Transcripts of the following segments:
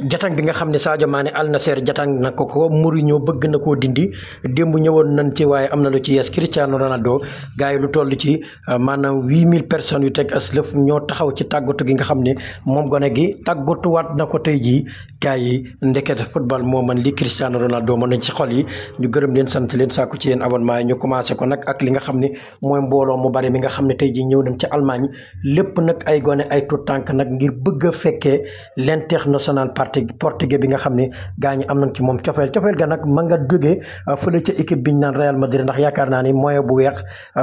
jatang gi nga xam ne Sadio Mané Al Nassr jatang na ko ko Mourinho bëgg na koo dindi démb ñëwoon nañ ci waaye am na lu ci yees Cristiano Ronaldo gars yi lu toll ci euh, maanaam huit mille personnes yu teg as lëf ñoo taxaw ci tàggatu gi nga xam ne moom gone gi tàggatuwaat na ko tey ji gars yi ndekete football moom man li Cristiano Ronaldo mën nañ ci xol yi ñu gërëm leen sant leen sàkku ci yéen abonnement yi ñu commencé ko nag ak li nga xam ne mooy mbooloo mu bari mi nga xam ne tey jii ñëw nañ ci Allemagne lépp nag ay gone ay tout tànk nag ngir bëgg a fekkee l'international parti portugais bi nga xam ne gaa ñi am nañ ci moom cofeel cofeel ga nag ma nga jógee fële ca équipe biñ naan Real Madrid ndax yaakaar naa ni moyen bu weex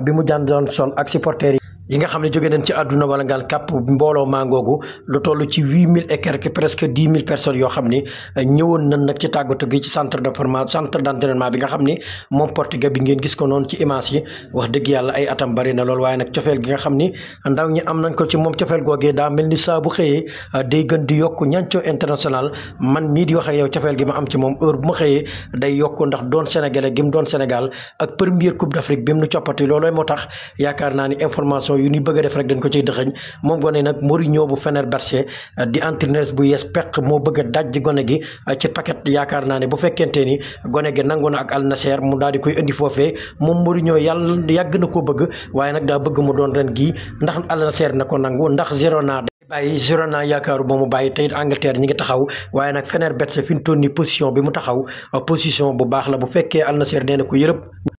bi mu jaan doon sol ak supporters yi yi nga xam ne jóge nañ ci àdduna wala ngal kàpp mbooloo maangoogu lu toll ci huit mille et quelque presque dix mille personnes yoo xam ni euh, ñëwoon nañ nag ci tàggatu gi ci centre de formation centre d' entraînement bi euh, man mii di wax ak yow cofeel gi ma am ci moom heure bu ma xëyee day yokk ndax doon sénégalais gi mu doon Sénégal ak première coupe d' Afrique bi mu nu coppati loolooy moo tax yaakaar naa ni information façon yu ñuy bëgg a def rek dañ ko ciy dëxëñ moom gone nag Mourinho bu Fenerbahçe euh, di entraîneur bu yees peq moo bëgg a dajji gone gi euh, ci paquet yaakaar naa ne bu fekkente ni gone gi nangu na ak Al Nassr mu daal di koy indi foofee moom Mourinho yàlla yàgg na ko bëgg waaye nag daa bëgg mu doon ren gii ndax Al Nassr na ko nangu ndax naa bàyyi Girona yaakaaru ba mu bàyyi tey Angleterre ñi ngi taxaw waaye nag Fenerbahçe fi mu toll nii position bi mu taxaw euh, position bu baax la bu fekkee Al Nassr na ko yërëb